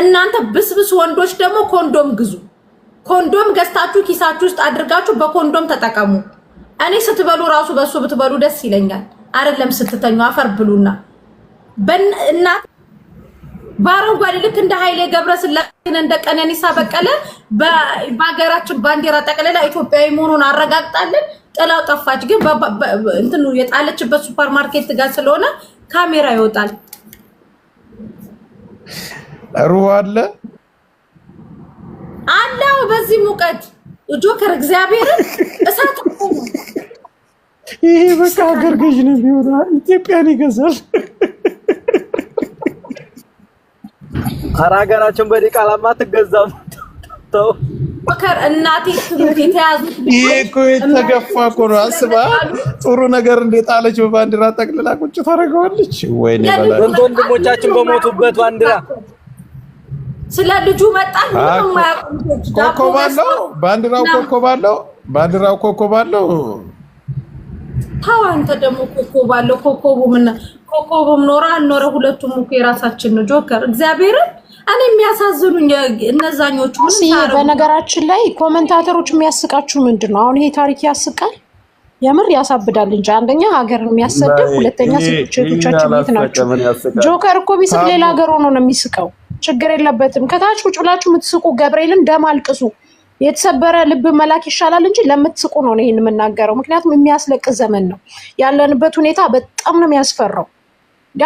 እናንተ ብስብስ ወንዶች ደግሞ ኮንዶም ግዙ። ኮንዶም ገዝታችሁ ኪሳችሁ ውስጥ አድርጋችሁ በኮንዶም ተጠቀሙ። እኔ ስትበሉ ራሱ በሱ ብትበሉ ደስ ይለኛል። አይደለም ስትተኙ አፈር ብሉና እና በአረንጓዴ ልክ እንደ ኃይሌ ገብረስላሴን እንደ ቀነኒሳ በቀለ በሀገራችን ባንዲራ ጠቅልላ ኢትዮጵያዊ መሆኑን አረጋግጣለን። ጥላው ጠፋች። ግን እንትኑ የጣለችበት ሱፐርማርኬት ጋር ስለሆነ ካሜራ ይወጣል። ሩህ አለ አለው በዚህ ሙቀት ጆከር እግዚአብሔር እሳት ይሄ በቃ ሀገር ገዥ ነው ቢሆን ኢትዮጵያን ይገዛል። ኧረ ሀገራችን በዲቃላማ ትገዛም። ተው ይሄ እኮ የተገፋ እኮ ነው። አስባ ጥሩ ነገር እንዴት አለች በባንዲራ ጠቅልላ ቁጭ ታደርገዋለች። ወይኔ በላ ወንድሞቻችን በሞቱበት ባንዲራ ስለ ልጁ መጣል ምንም ማያቆምኮኮባለው ባንዲራው ኮኮባለው ባንዲራው ኮኮባለው ታው አንተ ደግሞ ኮኮባለው ኮኮቡ ምን ኮኮቡም ኖረ አልኖረ ሁለቱም እኮ የራሳችን ነው። ጆከር እግዚአብሔርን እኔ የሚያሳዝኑኝ እነዛኞቹ በነገራችን ላይ ኮመንታተሮች የሚያስቃችሁ ምንድን ነው? አሁን ይሄ ታሪክ ያስቃል። የምር ያሳብዳል እንጂ አንደኛ ሀገር የሚያሰድብ ሁለተኛ ሴቶች እህቶቻችን ናቸው? ጆከር እኮ ቢስቅ ሌላ ሀገር ሆኖ ነው የሚስቀው። ችግር የለበትም። ከታች ቁጭ ብላችሁ የምትስቁ ገብርኤልን ደም አልቅሱ። የተሰበረ ልብ መላክ ይሻላል እንጂ ለምትስቁ ነው ይህን የምናገረው። ምክንያቱም የሚያስለቅስ ዘመን ነው ያለንበት። ሁኔታ በጣም ነው የሚያስፈራው።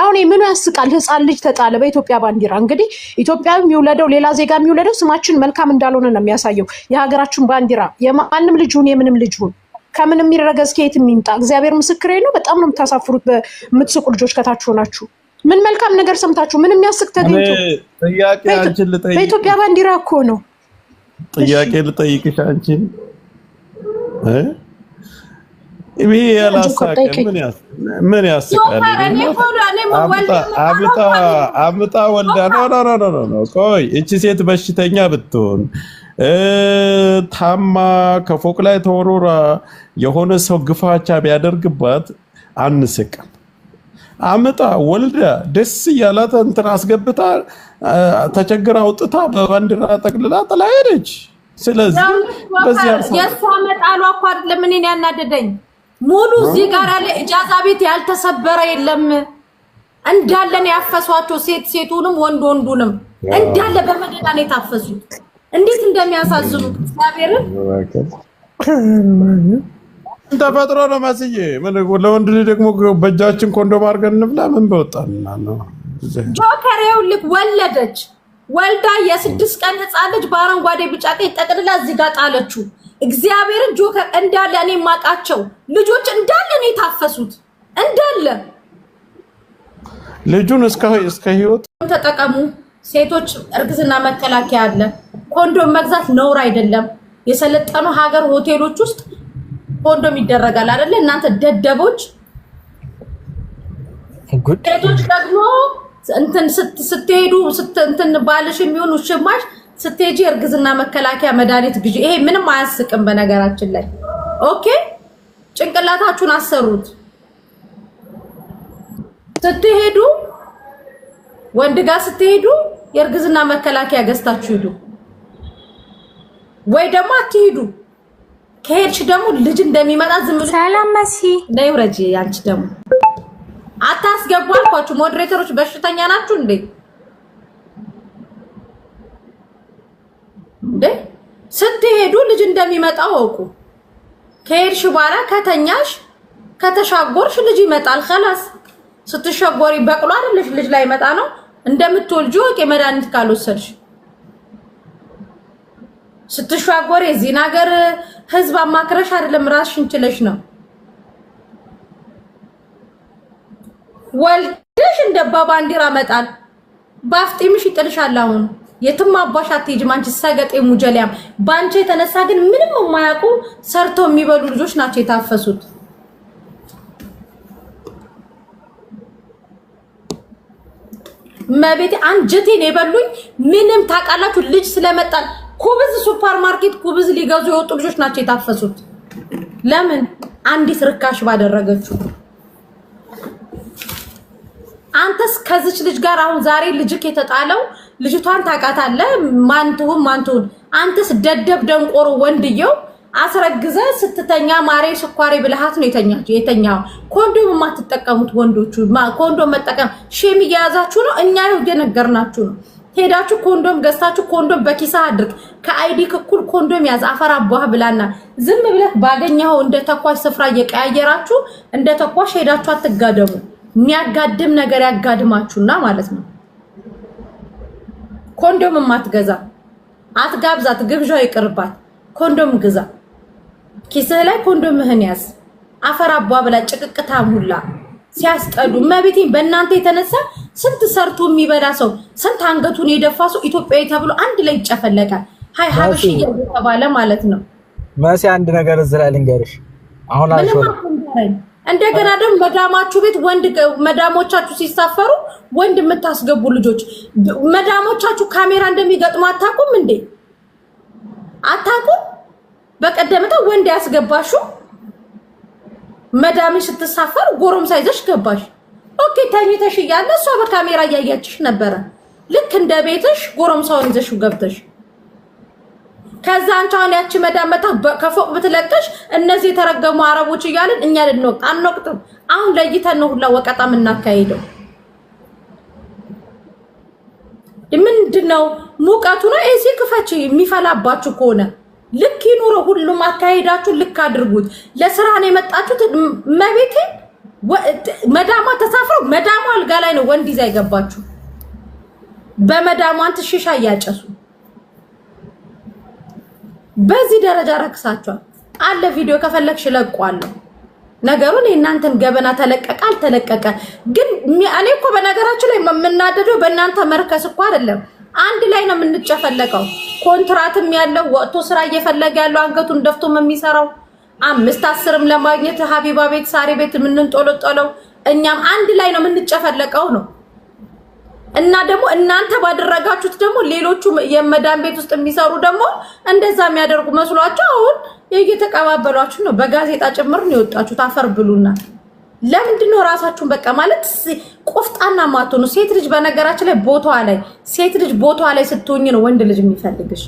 አሁን ምኑ ያስቃል? ህፃን ልጅ ተጣለ በኢትዮጵያ ባንዲራ። እንግዲህ ኢትዮጵያ የሚውለደው ሌላ ዜጋ የሚውለደው ስማችን መልካም እንዳልሆነ ነው የሚያሳየው። የሀገራችን ባንዲራ የማንም ልጅ ሁን የምንም ልጅ ሁን ከምን የሚረገዝ ከየት የሚምጣ እግዚአብሔር ምስክሬ ነው። በጣም ነው የምታሳፍሩት በምትስቁ ልጆች ከታች ሆናችሁ ምን መልካም ነገር ሰምታችሁ ምን የሚያስቅ ተገኝቶ? ጥያቄ አንቺን ልጠይቅ። በኢትዮጵያ ባንዲራ እኮ ነው። ጥያቄ ልጠይቅሽ አንቺን ይሄ ያላሳቀ ምን ያስቃል? አምጣ አምጣ ወልዳ ኖ ኖ ኖ ኖ ኖ ቆይ እቺ ሴት በሽተኛ ብትሆን ታማ ከፎቅ ላይ ተወሮራ የሆነ ሰው ግፋቻ ቢያደርግባት አንስቅም። አምጣ ወልዳ ደስ እያላት እንትን አስገብታ ተቸግር አውጥታ በባንዲራ ጠቅልላ ጥላ ሄደች። ስለዚህ የእሷ መጣሏ እኮ አይደለም እኔን ያናደደኝ። ሙሉ እዚህ ጋር ያለ እጃዛ ቤት ያልተሰበረ የለም እንዳለን ያፈሷቸው ሴት ሴቱንም ወንድ ወንዱንም እንዳለ በመደዳ ነው የታፈሱት። እንዴት እንደሚያሳዝኑ እግዚአብሔርን ተፈጥሮ ነው መስዬ። ለወንድ ልጅ ደግሞ በእጃችን ኮንዶም አድርገን እንብላ። ምን በወጣና ነው ጆከሬው ልክ ወለደች ወልዳ የስድስት ቀን ህፃን ልጅ በአረንጓዴ ቢጫ ቀይ ጠቅልላ እዚህ ጋር ጣለችው። እግዚአብሔርን ጆከር እንዳለ እኔ ማቃቸው ልጆች እንዳለ ነው የታፈሱት እንዳለ ልጁን እስከ እስከ ህይወት ተጠቀሙ። ሴቶች እርግዝና መከላከያ አለ። ኮንዶም መግዛት ነውር አይደለም። የሰለጠኑ ሀገር ሆቴሎች ውስጥ ኮንዶም ይደረጋል አይደለ? እናንተ ደደቦች ሴቶች ደግሞ እንትን ስትሄዱ እንትን ባልሽ የሚሆን ውሽማሽ ስትሄጂ እርግዝና መከላከያ መድኃኒት ግዢ። ይሄ ምንም አያስቅም በነገራችን ላይ ኦኬ። ጭንቅላታችሁን አሰሩት። ስትሄዱ ወንድ ጋር ስትሄዱ የእርግዝና መከላከያ ገዝታችሁ ሂዱ፣ ወይ ደግሞ አትሂዱ። ከሄድሽ ደግሞ ልጅ እንደሚመጣ ዝም ብሎ ሰላም መሲ ነይ ውረጂ። አንቺ ደግሞ አታስገቡ አልኳችሁ። ሞዴሬተሮች በሽተኛ ናችሁ እንዴ? እንዴ ስትሄዱ ልጅ እንደሚመጣው አውቁ። ከሄድሽ በኋላ ከተኛሽ ከተሻጎርሽ ልጅ ይመጣል። ከላስ ስትሸጎሪ በቅሎ አይደለሽ ልጅ ላይ ይመጣ ነው። እንደምትወልጂ ወቄ መድኃኒት ካልወሰድሽ ስትሻጎር የዚህን ሀገር ህዝብ አማክረሽ አይደለም፣ ራስሽን ችለሽ ነው ወልደሽ እንደ ባ ባንዲራ መጣል በአፍጢምሽ ይጥልሻል። አሁን የትም አባሽ አትሄጂም አንቺ ሰገጤ ሙጀሊያም። በአንቺ የተነሳ ግን ምንም የማያውቁ ሰርቶ የሚበሉ ልጆች ናቸው የታፈሱት። መቤቴ አንጀቴን የበሉኝ ምንም ታውቃላችሁ። ልጅ ስለመጣል ኩብዝ ሱፐር ማርኬት ኩብዝ ሊገዙ የወጡ ልጆች ናቸው የታፈሱት። ለምን አንዲት ርካሽ ባደረገችው። አንተስ ከዚች ልጅ ጋር አሁን ዛሬ ልጅክ የተጣለው ልጅቷን ታውቃታለህ። ማንትሁን ማንትሁን አንተስ ደደብ ደንቆሮ ወንድየው አስረግዘ ስትተኛ ማሬ ስኳሬ ብልሃት ነው የተኛቸው የተኛ ኮንዶም የማትጠቀሙት ወንዶቹ ኮንዶም መጠቀም ሼም እየያዛችሁ ነው። እኛ ይኸው እየነገርናችሁ ነው። ሄዳችሁ ኮንዶም ገዝታችሁ ኮንዶም በኪሳ አድርግ ከአይዲ እኩል ኮንዶም ያዝ አፈር አቧህ ብላና ዝም ብለህ ባገኘኸው እንደ ተኳሽ ስፍራ እየቀያየራችሁ እንደ ተኳሽ ሄዳችሁ አትጋደሙ። የሚያጋድም ነገር ያጋድማችሁና ማለት ነው። ኮንዶም አትገዛ፣ አትጋብዛት፣ ግብዣው ይቅርባት። ኮንዶም ግዛ፣ ኪስህ ላይ ኮንዶምህን ያዝ። አፈር አቧህ ብላ ጭቅቅታ ሙላ ሲያስጠሉ እመቤቴን በእናንተ የተነሳ ስንት ሰርቶ የሚበላ ሰው ስንት አንገቱን የደፋ ሰው ኢትዮጵያዊ ተብሎ አንድ ላይ ይጨፈለቃል። ሀይ ሀብሽ እየተባለ ማለት ነው። መሲ አንድ ነገር እዚህ ላይ ልንገርሽ። አሁን እንደገና ደግሞ መዳማችሁ ቤት ወንድ መዳሞቻችሁ ሲሳፈሩ ወንድ የምታስገቡ ልጆች መዳሞቻችሁ ካሜራ እንደሚገጥሙ አታውቁም እንዴ? አታውቁም? በቀደምታ ወንድ ያስገባሽው መዳምሽ ስትሳፈር ጎረምሳ ይዘሽ ገባሽ። ኦኬ ተኝተሽ እያለ እሷ በካሜራ እያያችሽ ነበረ። ልክ እንደ ቤትሽ ጎረምሳውን ይዘሽው ገብተሽ ከዛ አንቺ አሁን ያቺ መዳመታ ከፎቅ ብትለቀሽ እነዚህ የተረገሙ አረቦች እያልን እኛ ልንወቅጥ አንወቅጥም። አሁን ለይተን ነው ሁላ ወቀጣ የምናካሄደው። ምንድን ነው ሙቀቱ ነው። ኤሲ ክፈች የሚፈላባችሁ ከሆነ ልክ ይኑረ። ሁሉም አካሄዳችሁ ልክ አድርጉት። ለስራ ነው የመጣችሁት። መቤቴ መዳሟ ተሳፍረው መዳሟ አልጋ ላይ ነው ወንድ ይዛ አይገባችሁ። በመዳሟን ትሽሻ እያጨሱ በዚህ ደረጃ ረክሳቸዋል አለ። ቪዲዮ ከፈለግሽ ለቋለሁ። ነገሩን የእናንተን ገበና ተለቀቀ አልተለቀቀ ግን እኔ እኮ በነገራችን ላይ የምናደደው በእናንተ መርከስ እኮ አይደለም። አንድ ላይ ነው የምንጨፈለቀው። ኮንትራትም ያለው ወጥቶ ስራ እየፈለገ ያለው አንገቱን ደፍቶም የሚሰራው አምስት አስርም ለማግኘት ሀቢባ ቤት፣ ሳሪ ቤት የምንንጦለጦለው እኛም አንድ ላይ ነው የምንጨፈለቀው ነው እና ደግሞ እናንተ ባደረጋችሁት ደግሞ ሌሎቹ የመዳን ቤት ውስጥ የሚሰሩ ደግሞ እንደዛ የሚያደርጉ መስሏቸው አሁን እየተቀባበሏችሁ ነው። በጋዜጣ ጭምር ነው የወጣችሁት። አፈር ብሉና ለምንድን ነው ራሳችሁን በቃ ማለት ቆፍጣና ማትሆኑ? ሴት ልጅ በነገራችን ላይ ቦታ ላይ ሴት ልጅ ቦታ ላይ ስትሆኝ ነው ወንድ ልጅ የሚፈልግሽ።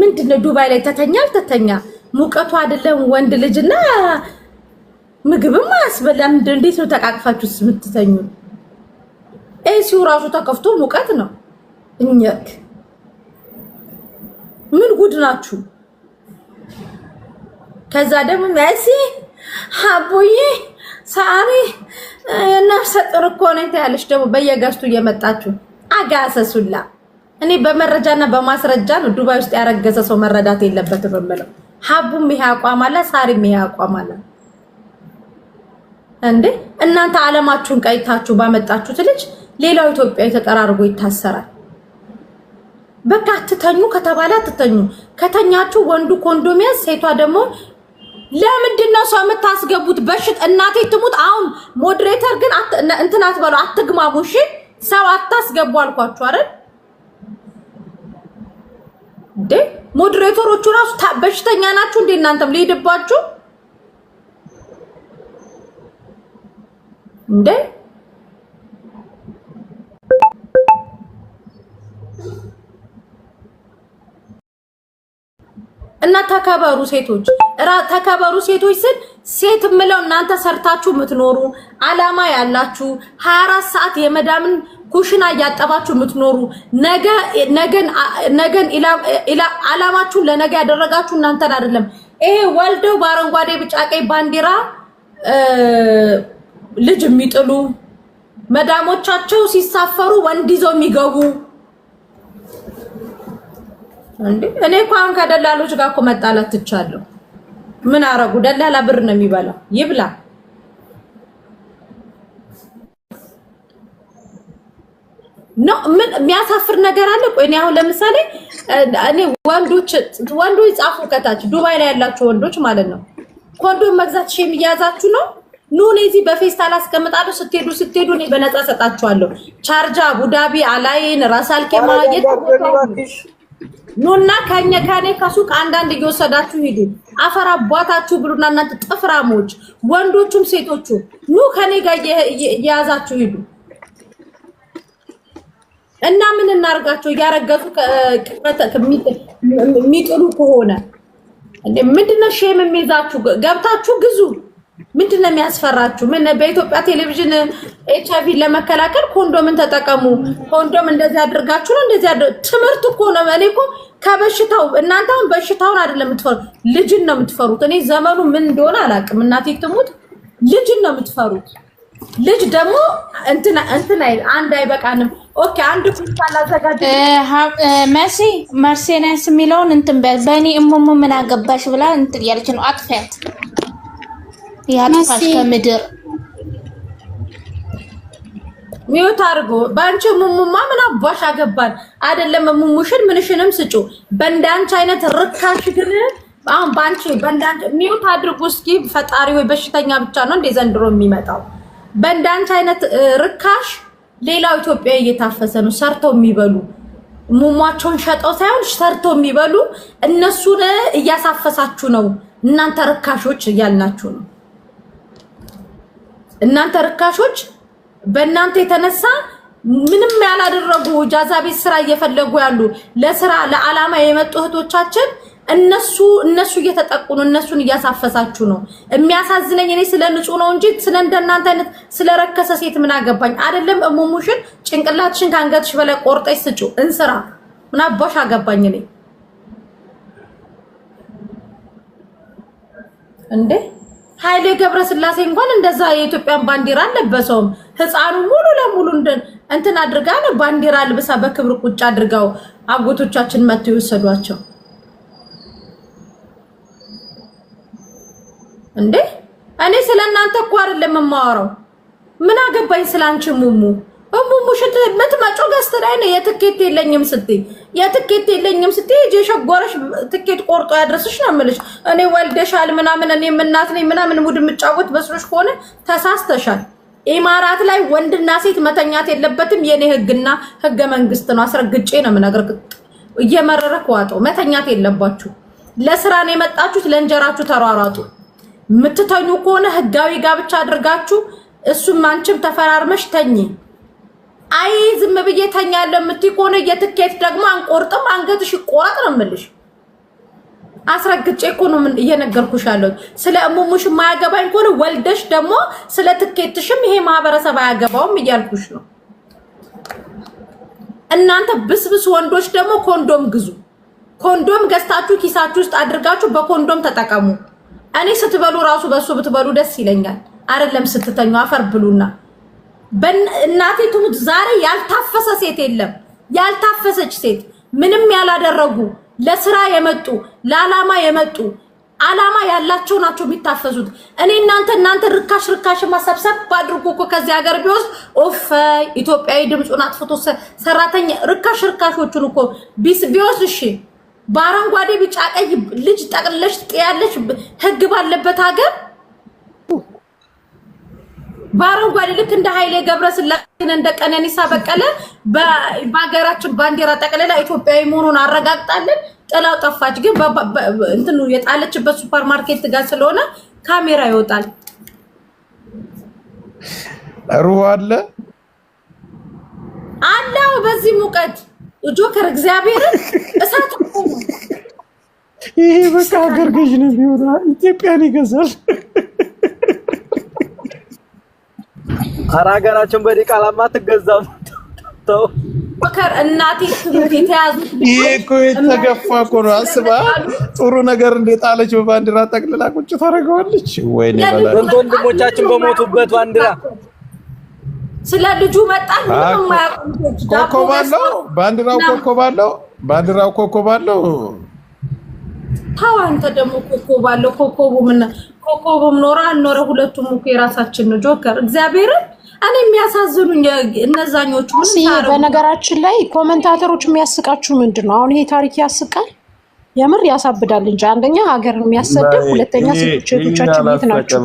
ምንድነው ዱባይ ላይ ተተኛ አልተተኛ ሙቀቱ አይደለም ወንድ ልጅና ምግብም አያስበላም። እንዴት ነው ተቃቅፋችሁ የምትተኙ? ኤሲው ራሱ ተከፍቶ ሙቀት ነው። እኛክ ምን ጉድ ናችሁ? ከዛ ደግሞ መሲ አቡዬ ሳሪ የነፍሰ ጡር እኮ ነኝ ትያለሽ። ደግሞ በየገዝቱ እየመጣችሁ አጋሰሱላ። እኔ በመረጃና በማስረጃ ነው። ዱባይ ውስጥ ያረገዘ ሰው መረዳት የለበትም የምለው ሀቡም ይሄ አቋም አለ፣ ሳሪም ይሄ አቋም አለ። እንዴ እናንተ ዓለማችሁን ቀይታችሁ ባመጣችሁት ልጅ ሌላው ኢትዮጵያዊ ተጠራርጎ ይታሰራል። በቃ አትተኙ ከተባለ አትተኙ። ከተኛችሁ ወንዱ ኮንዶሚያስ፣ ሴቷ ደግሞ ለምንድን ነው ሰው የምታስገቡት? በሽት እናቴ ትሙት። አሁን ሞዴሬተር ግን እንትን አትበሉ፣ አትግማሙ። እሺ ሰው አታስገቡ አልኳችሁ አይደል? ሞዴሬተሮቹ ራሱ በሽተኛ ናችሁ እንዴ እናንተም ሊሄድባችሁ እንዴ እና ተከበሩ ሴቶች፣ ተከበሩ ሴቶች ስል ሴት ምለው እናንተ ሰርታችሁ የምትኖሩ አላማ ያላችሁ 24 ሰዓት የመዳምን ኩሽና እያጠባችሁ የምትኖሩ ነገ ነገን ነገን አላማችሁን ለነገ ያደረጋችሁ እናንተን አይደለም። ይሄ ወልደው በአረንጓዴ ቢጫ ቀይ ባንዲራ ልጅ የሚጥሉ መዳሞቻቸው ሲሳፈሩ ወንድ ይዘው የሚገቡ እንዴ! እኔ እኮ አሁን ከደላሎች ጋር እኮ መጣላት ትቻለሁ። ምን አረጉ? ደላላ ብር ነው የሚበላው፣ ይብላ። ኖ ምን የሚያሳፍር ነገር አለ? ቆይ እኔ አሁን ለምሳሌ እኔ ወንዶች ወንዶች ጻፉ ከታች ዱባይ ላይ ያላችሁ ወንዶች ማለት ነው ኮንዶም መግዛት ሼም እያያዛችሁ ነው ኑ እዚህ በፌስታል አስቀምጣለሁ። ስትሄዱ ስትሄዱ እኔ በነፃ ሰጣችኋለሁ። ቻርጃ፣ አቡዳቢ፣ አላይን፣ ራስ አልኬማ ኑና ከኛ ከኔ ከሱቅ አንዳንድ እየወሰዳችሁ ሂዱ። አፈር አቧታችሁ ብሉና እናንተ ጥፍራሞች፣ ወንዶቹም ሴቶቹ ኑ ከኔ ጋር እየያዛችሁ ሂዱ እና ምን እናርጋቸው? እያረገጡ የሚጥሉ ከሆነ ምንድነው ሼም የሚይዛችሁ? ገብታችሁ ግዙ ምንድን ነው የሚያስፈራችሁ? ምን በኢትዮጵያ ቴሌቪዥን ኤች አይቪ ለመከላከል ኮንዶምን ተጠቀሙ፣ ኮንዶም እንደዚህ አድርጋችሁ ነው እንደዚህ ትምህርት እኮ ነው። እኔ እኮ ከበሽታው እናንተ አሁን በሽታውን አይደለም የምትፈሩ ልጅን ነው የምትፈሩት። እኔ ዘመኑ ምን እንደሆነ አላውቅም። እናቴ ትሙት፣ ልጅን ነው የምትፈሩት። ልጅ ደግሞ እንትን እንትን አንድ አይበቃንም። ኦኬ አንድ ኩንታል አዘጋጅ። መሲ መርሴናስ የሚለውን እንትን በእኔ እሙሙ ምን አገባሽ ብላ እንትን ያለች ነው አጥፊያት ያጥፋሽ ከምድር ሚውት አድርጎ በአንቺ ሙሙማ ምን አባሽ አገባን? አይደለም ሙሙሽን ምንሽንም ስጩ። በእንዳንቺ አይነት ርካሽ ግን አሁን በአንቺ በእንዳንቺ ሚውት አድርጉ እስኪ። ፈጣሪ ወይ በሽተኛ ብቻ ነው እንደ ዘንድሮ የሚመጣው። በእንዳንቺ አይነት ርካሽ ሌላው ኢትዮጵያ እየታፈሰ ነው። ሰርተው የሚበሉ ሙሟቸውን ሸጠው ሳይሆን ሰርተው የሚበሉ እነሱን እያሳፈሳችሁ ነው እናንተ ርካሾች እያልናችሁ ነው። እናንተ ርካሾች፣ በእናንተ የተነሳ ምንም ያላደረጉ ጃዛ ቤት ስራ እየፈለጉ ያሉ ለስራ ለዓላማ የመጡ እህቶቻችን እነሱ እነሱ እየተጠቁ ነው። እነሱን እያሳፈሳችሁ ነው። የሚያሳዝነኝ እኔ ስለ ንጹህ ነው እንጂ ስለ እንደናንተ አይነት ስለረከሰ ሴት ምን አገባኝ? አይደለም እሙሙሽን ጭንቅላትሽን ከአንገትሽ በላይ ቆርጠሽ ስጪው እንስራ። ምን አባሽ አገባኝ እኔ እንዴ ኃይሌ ገብረስላሴ እንኳን እንደዛ የኢትዮጵያን ባንዲራ አለበሰውም። ህፃኑ ሙሉ ለሙሉ እንትን አድርጋ ነው ባንዲራ ልብሳ በክብር ቁጭ አድርገው አጎቶቻችን መጥተው የወሰዷቸው እንዴ። እኔ ስለ እናንተ እኮ አይደለም የማወራው። ምን አገባኝ ስላንቺ ሙሙ እሙሙሽት የምትመጪው ገስት ላይ ነው። የትኬት የለኝም ስትይ የትኬት የለኝም ስትይ ሂጅ የሸጎረሽ ትኬት ቆርጦ ያድረስሽ ነው የምልሽ። እኔ ወልደሻል ምናምን እኔ እናት ነኝ ምናምን ሙድ የምጫወት መስሎሽ ከሆነ ተሳስተሻል። ኢማራት ላይ ወንድና ሴት መተኛት የለበትም። የኔ ህግና ህገ መንግስት ነው፣ አስረግጬ ነው የምነግርህ። እየመረረ ከዋጠው መተኛት የለባችሁ። ለስራ ነው የመጣችሁት፣ ለእንጀራችሁ ተሯሯጡ። የምትተኙ ከሆነ ህጋዊ ጋብቻ አድርጋችሁ እሱም አንቺም ተፈራርመሽ ተኝ። አይ ዝም ብዬ ተኛለሁ የምትይ ከሆነ የትኬት ደግሞ አንቆርጥም፣ አንገትሽ ይቆረጥ ነው የምልሽ። አስረግጬ እኮ ነው እየነገርኩሽ ያለው። ስለ እሙሙሽ የማያገባኝ ከሆነ ወልደሽ ደግሞ ስለ ትኬትሽም ይሄ ማህበረሰብ አያገባውም እያልኩሽ ነው። እናንተ ብስብስ ወንዶች ደግሞ ኮንዶም ግዙ። ኮንዶም ገዝታችሁ ኪሳችሁ ውስጥ አድርጋችሁ በኮንዶም ተጠቀሙ። እኔ ስትበሉ ራሱ በሱ ብትበሉ ደስ ይለኛል። አይደለም ስትተኙ አፈር ብሉና እናቴ ትሙት ዛሬ ያልታፈሰ ሴት የለም። ያልታፈሰች ሴት ምንም ያላደረጉ ለስራ የመጡ ለዓላማ የመጡ ዓላማ ያላቸው ናቸው የሚታፈሱት። እኔ እናንተ እናንተ ርካሽ ርካሽ ማሰብሰብ ባድርጎ እኮ ከዚህ ሀገር ቢወስድ ኦፍ ኢትዮጵያዊ ድምፁን አጥፍቶ ሰራተኛ ርካሽ ርካሾቹን እኮ ቢወስድ እሺ፣ በአረንጓዴ ቢጫ ቀይ ልጅ ጠቅለሽ ጥያለሽ ህግ ባለበት ሀገር በአረንጓዴ ልክ እንደ ኃይሌ ገብረስላሴን እንደ ቀነኒሳ በቀለ በሀገራችን ባንዲራ ጠቅልላ ኢትዮጵያዊ መሆኑን አረጋግጣለን። ጥላው ጠፋች። ግን እንትኑ የጣለችበት ሱፐር ማርኬት ጋር ስለሆነ ካሜራ ይወጣል። ሩህ አለ አለው። በዚህ ሙቀት ጆከር እግዚአብሔርን እሳት ይሄ በቃ ሀገር ገዥ ነው የሚሆነ ኢትዮጵያን ይገዛል። ኧረ ሀገራችን በዲቃላማ አትገዛም። ተው እናቴ የተያዙት ይሄ እኮ የተገፋ እኮ ነው። አስባ ጥሩ ነገር እንደጣለች አለች በባንዲራ ጠቅልላ ቁጭ ታደርገዋለች። ወይኔ በላት ወንድሞቻችን በሞቱበት ባንዲራ ስለ ልጁ መጣል ኮከብ አለው ባንዲራው፣ ኮከብ አለው ባንዲራው፣ ኮከብ አለው። ተው አንተ ደግሞ ኮከብ አለው። ኮከቡ ምን ኮከቡም ኖረ አልኖረ ሁለቱም እኮ የራሳችን ነው። ጆከር እግዚአብሔርን እኔ የሚያሳዝኑኝ እነዛኞቹ በነገራችን ላይ ኮመንታተሮች የሚያስቃችሁ ምንድን ነው? አሁን ይሄ ታሪክ ያስቃል፣ የምር ያሳብዳል እንጂ አንደኛ ሀገርን የሚያሰድብ፣ ሁለተኛ ሴቶቻችን የት ናቸው?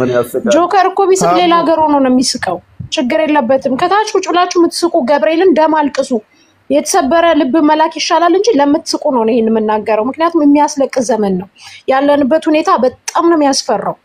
ጆከር እኮ ቢስቅ ሌላ ሀገር ሆኖ ነው የሚስቀው። ችግር የለበትም። ከታች ቁጭ ብላችሁ የምትስቁ ገብርኤልን ደም አልቅሱ። የተሰበረ ልብ መላክ ይሻላል እንጂ ለምትስቁ ነው ይህን የምናገረው። ምክንያቱም የሚያስለቅስ ዘመን ነው ያለንበት። ሁኔታ በጣም ነው የሚያስፈራው።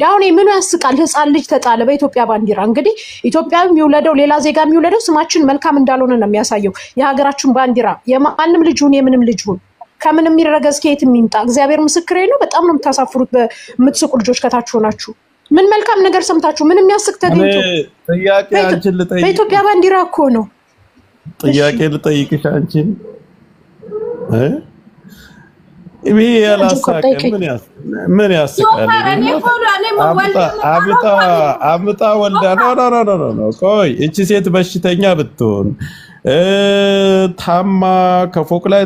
ዳሁን ምኑ ያስቃል? ህፃን ልጅ ተጣለ በኢትዮጵያ ባንዲራ። እንግዲህ ኢትዮጵያ የሚውለደው ሌላ ዜጋ የሚውለደው ስማችን መልካም እንዳልሆነ ነው የሚያሳየው። የሀገራችን ባንዲራ የማንም ልጅ ሁን የምንም ልጅ ሁን ከምን የሚረገዝ ከየት የሚምጣ እግዚአብሔር ምስክሬ ነው። በጣም ነው የምታሳፍሩት በምትስቁ ልጆች ከታች ሆናችሁ። ምን መልካም ነገር ሰምታችሁ ምን የሚያስቅ ተገኝቶ? በኢትዮጵያ ባንዲራ እኮ ነው። ጥያቄ ልጠይቅሽ አንቺን ይሄ ያላሳቀን ምን ያስቃል? አምጣ ወልዳ ነው። ቆይ እቺ ሴት በሽተኛ ብትሆን ታማ ከፎቅ ላይ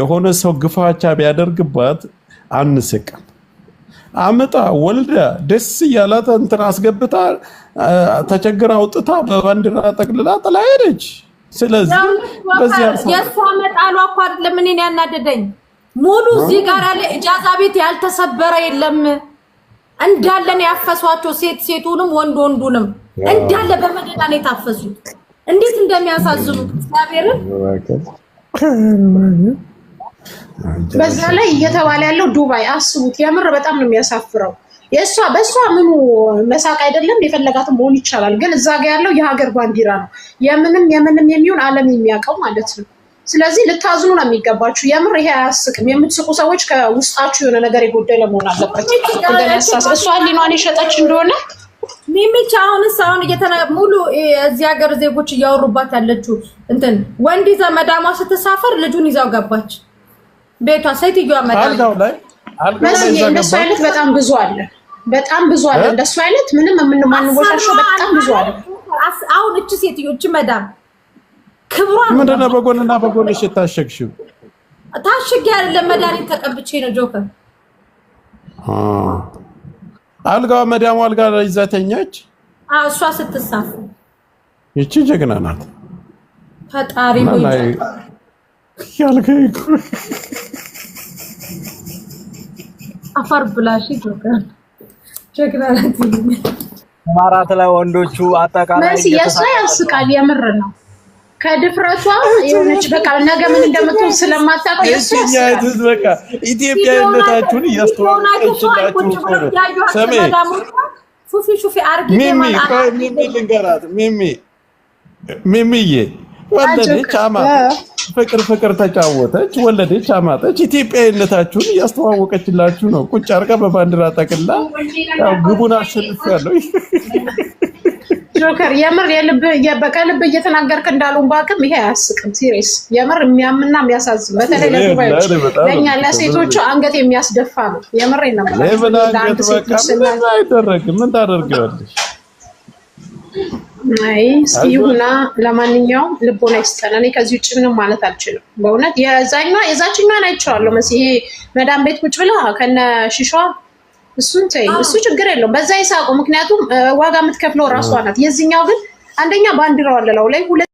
የሆነ ሰው ግፋቻ ቢያደርግባት አንስቅም። አምጣ ወልዳ ደስ እያላት እንትን አስገብታ ተቸግራ አውጥታ በባንዲራ ጠቅልላ ጥላ ሄደች። ስለዚህ የእሷ መጣሏ እኮ አይደለም እኔን ያናደደኝ ሙሉ እዚህ ጋር ያለ እጃዛ ቤት ያልተሰበረ የለም። እንዳለን ያፈሷቸው ሴት ሴቱንም ወንድ ወንዱንም እንዳለ በመደዳ ነው የታፈሱት። እንዴት እንደሚያሳዝኑ እግዚአብሔርን። በዛ ላይ እየተባለ ያለው ዱባይ አስቡት። የምር በጣም ነው የሚያሳፍረው። የእሷ በእሷ ምኑ መሳቅ አይደለም፣ የፈለጋትን መሆን ይቻላል። ግን እዛ ጋ ያለው የሀገር ባንዲራ ነው። የምንም የምንም የሚሆን አለም የሚያውቀው ማለት ነው። ስለዚህ ልታዝኑ ነው የሚገባችሁ። የምር ይሄ አያስቅም። የምትስቁ ሰዎች ከውስጣችሁ የሆነ ነገር የጎደለ መሆን አለበት። እንደነሳስ እሷ ሊኗን የሸጠች እንደሆነ ሚሚች አሁን አሁን እየተና ሙሉ እዚህ ሀገር ዜጎች እያወሩባት ያለችው እንትን ወንድ ይዛ መዳሟ ስትሳፈር ልጁን ይዛው ገባች ቤቷ። ሴትዮዋ መዳሟ ላይ እንደሱ አይነት በጣም ብዙ አለ፣ በጣም ብዙ አለ። እንደሱ አይነት ምንም የምንማንወሻቸው በጣም ብዙ አለ። አሁን እቺ ሴትዮ እቺ መዳም ክብሯ ምንድን ነው? በጎንና በጎንሽ የታሸግሽው? ታሽግ አይደለም መድኃኒት ተቀብቼ ነው። ጆከር አልጋዋ መዳሙ አልጋ ላይ ይዛ ተኛች። እሷ ስትሳፍ ይቺ ጀግና ናት። ፈጣሪ ያልጋ አፈር ብላሽ ጆከር ጀግና ናት። ማራት ላይ ወንዶቹ አጠቃላይ የእሷ ያስቃል። የምር ነው ከድፍረቷ የሆነች በቃ ነገ ምን እንደምትሆን ስለማታውቅ በቃ ኢትዮጵያዊነታችሁን እያስተዋወቀችላችሁ ሚሚ ሚሚዬ ወለደች አማጠች፣ ፍቅር ፍቅር ተጫወተች፣ ወለደች አማጠች። ኢትዮጵያዊነታችሁን እያስተዋወቀችላችሁ ነው። ቁጭ በባንዲራ ጠቅላ ግቡን አሸንፍ ያለው ጆከር የምር በቃ ልብ እየተናገርክ እንዳሉን በአቅም ይሄ አያስቅም። ሲሪየስ የምር የሚያምና የሚያሳዝን በተለይ ለጉባኤዎች ለእኛ ለሴቶቹ አንገት የሚያስደፋ ነው። የምር ነው አይደረግም። ምን ታደርጊዋለሽ? አይ ይሁና። ለማንኛውም ልቦና ይስጠን። እኔ ከዚህ ውጭ ምንም ማለት አልችልም በእውነት የዛኛ የዛችኛን አይቼዋለሁ መስ ይሄ መዳም ቤት ቁጭ ብላ ከነ ሽሿ እሱን ተይው፣ እሱ ችግር የለውም። በዛ ይሳቁ። ምክንያቱም ዋጋ የምትከፍለው ራሷ ናት። የዚህኛው ግን አንደኛ ባንዲራው አለላው ላዩ ላይ